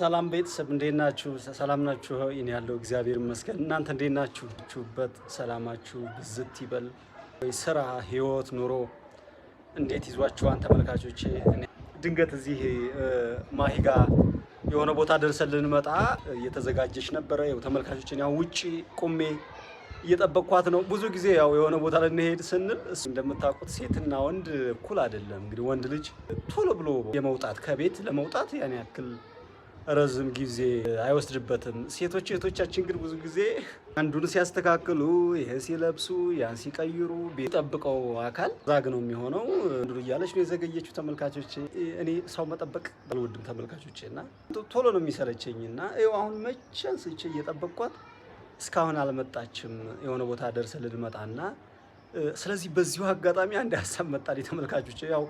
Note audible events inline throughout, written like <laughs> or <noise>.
ሰላም ቤተሰብ እንዴት ናችሁ? ሰላም ናችሁ? እኔ ያለው እግዚአብሔር ይመስገን። እናንተ እንዴት ናችሁ? ችሁበት ሰላማችሁ ብዝት ይበል። ስራ፣ ህይወት፣ ኑሮ እንዴት ይዟችኋን ተመልካቾቼ? ድንገት እዚህ ማሂጋ የሆነ ቦታ ደርሰን ልንመጣ እየተዘጋጀች ነበረ። ተመልካቾችን ያው ውጭ ቁሜ እየጠበቅኳት ነው። ብዙ ጊዜ ያው የሆነ ቦታ ልንሄድ ስንል እንደምታውቁት ሴትና ወንድ እኩል አይደለም። እንግዲህ ወንድ ልጅ ቶሎ ብሎ የመውጣት ከቤት ለመውጣት ያን ያክል ረዝም ጊዜ አይወስድበትም። ሴቶች እህቶቻችን ግን ብዙ ጊዜ አንዱን ሲያስተካክሉ፣ ይህ ሲለብሱ፣ ያን ሲቀይሩ ጠብቀው አካል ዛግ ነው የሚሆነው። አንዱ እያለች ነው የዘገየችው። ተመልካቾች እኔ ሰው መጠበቅ አልወድም ተመልካቾች እና ቶሎ ነው የሚሰለቸኝ እና አሁን መቼ አንስቼ እየጠበቅኳት እስካሁን አልመጣችም። የሆነ ቦታ ደርሰ ልንመጣና ስለዚህ በዚሁ አጋጣሚ አንድ ሀሳብ መጣል ተመልካቾች ያው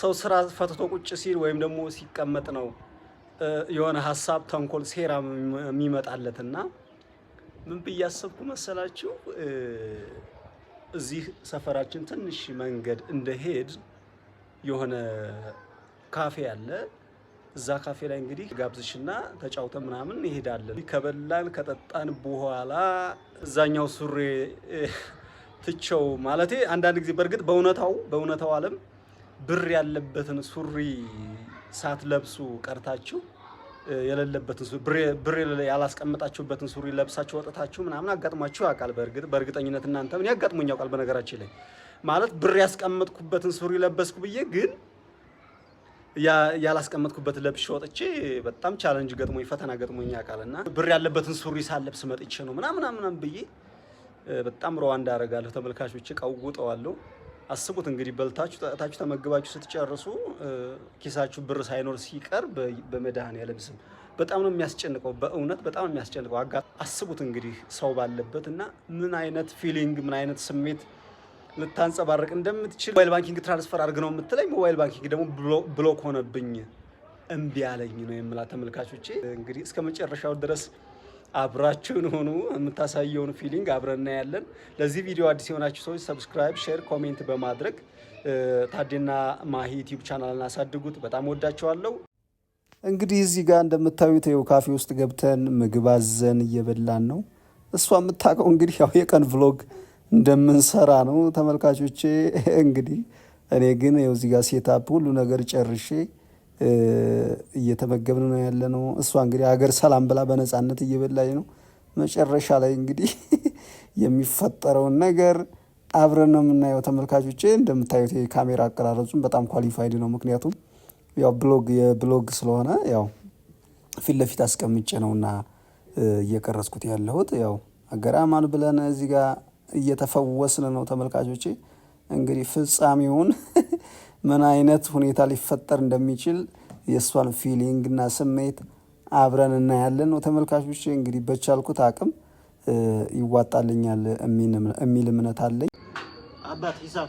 ሰው ስራ ፈትቶ ቁጭ ሲል ወይም ደግሞ ሲቀመጥ ነው የሆነ ሀሳብ ተንኮል፣ ሴራ የሚመጣለትና ምን ብያሰብኩ መሰላችሁ? እዚህ ሰፈራችን ትንሽ መንገድ እንደሄድ የሆነ ካፌ አለ። እዛ ካፌ ላይ እንግዲህ ጋብዝሽና ተጫውተ ምናምን ይሄዳለን። ከበላን ከጠጣን በኋላ እዛኛው ሱሬ ትቸው ማለት አንዳንድ ጊዜ በእርግጥ በእውነታው በእውነታው ዓለም ብር ያለበትን ሱሪ ሳትለብሱ ቀርታችሁ የሌለበትን ብር ያላስቀመጣችሁበትን ሱሪ ለብሳችሁ ወጥታችሁ ምናምን አጋጥሟችሁ ያውቃል። በእርግጥ በእርግጠኝነት እናንተ ምን ያጋጥሞኝ ያውቃል። በነገራችን ላይ ማለት ብር ያስቀመጥኩበትን ሱሪ ለበስኩ ብዬ ግን ያላስቀመጥኩበት ለብሽ ወጥቼ በጣም ቻለንጅ ገጥሞኝ ፈተና ገጥሞኝ አካል እና ብር ያለበትን ሱሪ ሳለብስ መጥቼ ነው ምናምን ምናምን ብዬ በጣም ሩዋንዳ አደርጋለሁ። ተመልካቾች ቀውጠዋለሁ። አስቡት እንግዲህ በልታችሁ ጠጣችሁ ተመግባችሁ ስትጨርሱ ኪሳችሁ ብር ሳይኖር ሲቀር በመድኃኔዓለም ስም በጣም ነው የሚያስጨንቀው። በእውነት በጣም የሚያስጨንቀው አጋ አስቡት እንግዲህ ሰው ባለበት እና ምን አይነት ፊሊንግ ምን አይነት ስሜት ልታንጸባርቅ እንደምትችል ሞባይል ባንኪንግ ትራንስፈር አድርግ ነው የምትለኝ። ሞባይል ባንኪንግ ደግሞ ብሎክ ሆነብኝ እምቢ ያለኝ ነው የምላት። ተመልካቾቼ እንግዲህ እስከ መጨረሻው ድረስ አብራችሁን ሆኑ። የምታሳየውን ፊሊንግ አብረና ያለን። ለዚህ ቪዲዮ አዲስ የሆናችሁ ሰዎች ሰብስክራይብ፣ ሼር፣ ኮሜንት በማድረግ ታዴና ማሂ ዩቲዩብ ቻናልን አሳድጉት። በጣም ወዳችኋለሁ። እንግዲህ እዚህ ጋር እንደምታዩት ይኸው ካፌ ውስጥ ገብተን ምግብ አዘን እየበላን ነው። እሷ የምታውቀው እንግዲህ ያው የቀን ቭሎግ እንደምንሰራ ነው ተመልካቾቼ። <laughs> እንግዲህ እኔ ግን ያው እዚህ ጋር ሴታፕ ሁሉ ነገር ጨርሼ እየተመገብን ነው ያለ ነው። እሷ እንግዲህ ሀገር ሰላም ብላ በነፃነት እየበላች ነው። መጨረሻ ላይ እንግዲህ <laughs> የሚፈጠረውን ነገር አብረን ነው የምናየው ተመልካቾቼ። እንደምታዩት የካሜራ አቀራረጹም በጣም ኳሊፋይድ ነው፣ ምክንያቱም ያው ብሎግ የብሎግ ስለሆነ ያው ፊት ለፊት አስቀምጬ ነውና እየቀረጽኩት ያለሁት ያው አገራማን ብለን እዚህ ጋር እየተፈወስን ነው ተመልካቾቼ። እንግዲህ ፍጻሜውን <laughs> ምን አይነት ሁኔታ ሊፈጠር እንደሚችል የእሷን ፊሊንግ እና ስሜት አብረን እናያለን ነው ተመልካቾች እንግዲህ በቻልኩት አቅም ይዋጣልኛል የሚል እምነት አለኝ። አባት ሂሳብ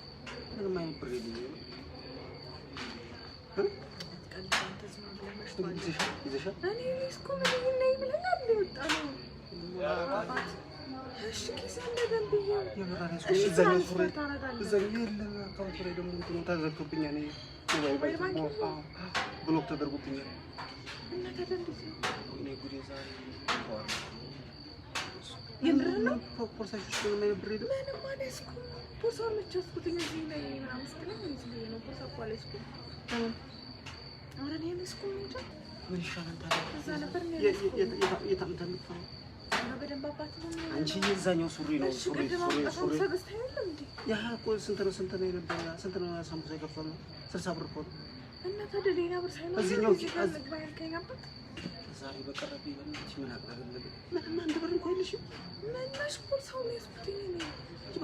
ምንም አይነት ብር ብሎክ ተደርጎብኛል። የምር ነው ቦርሳሽ ምንም አልያዝኩም። ቦርሳውን መቼ ወስኩት እዚህ ላይ ምናምን ስትለኝ እዚህ ላይ ነው ቦርሳ እኮ አልያዝኩም። ኧረ እኔ አልያዝኩም እንጃ ምን ይሻላል ታዲያ? እዛ ነበር በደንብ አባት ነው አንቺ የዛኛው ሱሪ ነው ሱሪ ሱሪ ያ እኮ ስንት ነው ስንት ነው የነበረ ስንት ነው ሳምቡሳ የከፈልነው ስልሳ ብር እኮ ነው እና ታዲያ ሌላ ብር ሳይኖር እዚህኛው ዛሬ በቀረብ ይበልጥ ምን አቅራብልብ ምንም አንድ ብር እንኳን የለሽም። መናሽ ኮል ሰው ነው ያስኩትኝ ነው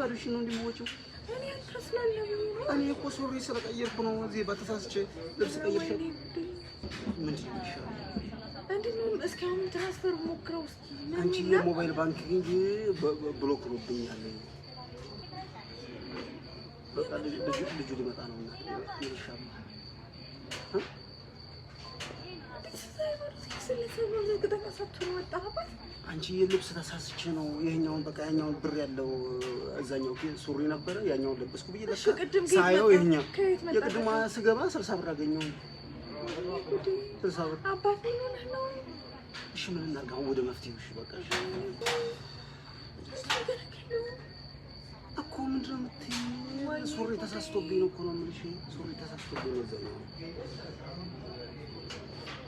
እንጂ ነው እንዲሞጪው እኔ አልተስላለ እኔ እኮ ሱሪ ስለቀየርኩ ነው እዚህ በተሳስቼ ልብስ ቀየርሽ። ምንድን ነው የሚሻለው? እንዲሁም እስኪ አሁን ትራንስፈር ሞክረው እስኪ አንቺ የሞባይል ባንክ ብሎክ ሎብኛል። በቃ ልጁ ሊመጣ ነው እና ምን ይሻላል? አንቺ ልብስ ተሳስቼ ነው ይሄኛውን በቃ ያኛውን ብር ያለው እዛኛው ሱሪ ነበረ ያኛውን ለበስኩ ብዬ ሳየው ይሄኛው የቅድማ ስገባ ስልሳ ብር አገኘው። ነው። እሺ ምን እናድርግ ወደ መፍትሄው። እሺ በቃ እኮ ምንድን ነው የምትይኝ? ሱሪ ተሳስቶብኝ ነው እኮ ነው የምልሽ። ሱሪ ተሳስቶብኝ ነው እዛኛው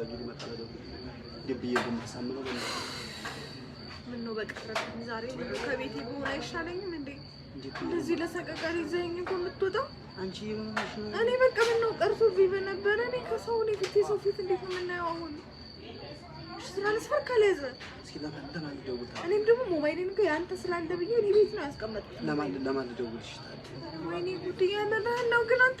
ተዘጋጁ ሊመጣ ነው። ድብዬ የምትሳምነው በእናትህ ምን ነው በቀረት ዛሬ ከቤቴ በሆነ አይሻለኝም እንዴ? እንደዚህ ለሰቀቀሪ ዘይኝ እኮ የምትወጣው አንቺ እኔ በቃ ምን ነው ቀርቶብኝ በነበረ እኔ ከሰው እኔ ፊት ሰው ፊት እንዴት ነው የምናየው አሁን? እኔም ደግሞ ሞባይሌን እኮ የአንተ ስላለ ብዬ እኔ ቤት ነው ያስቀመጥኩት። ለማን ልደውልሽ? ወይኔ ጉድ እያለ ነው ግን አንተ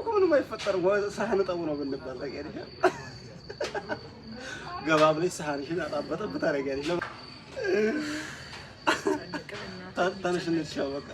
እኮ ምንም አይፈጠርም። ሳህን ጠቡ ነው ብንባል ታውቂያለሽ። ገባ ብለሽ ሳህንሽን አጣበጠብ ታደርጊያለሽ። ተነሽ እንሂድ። በቃ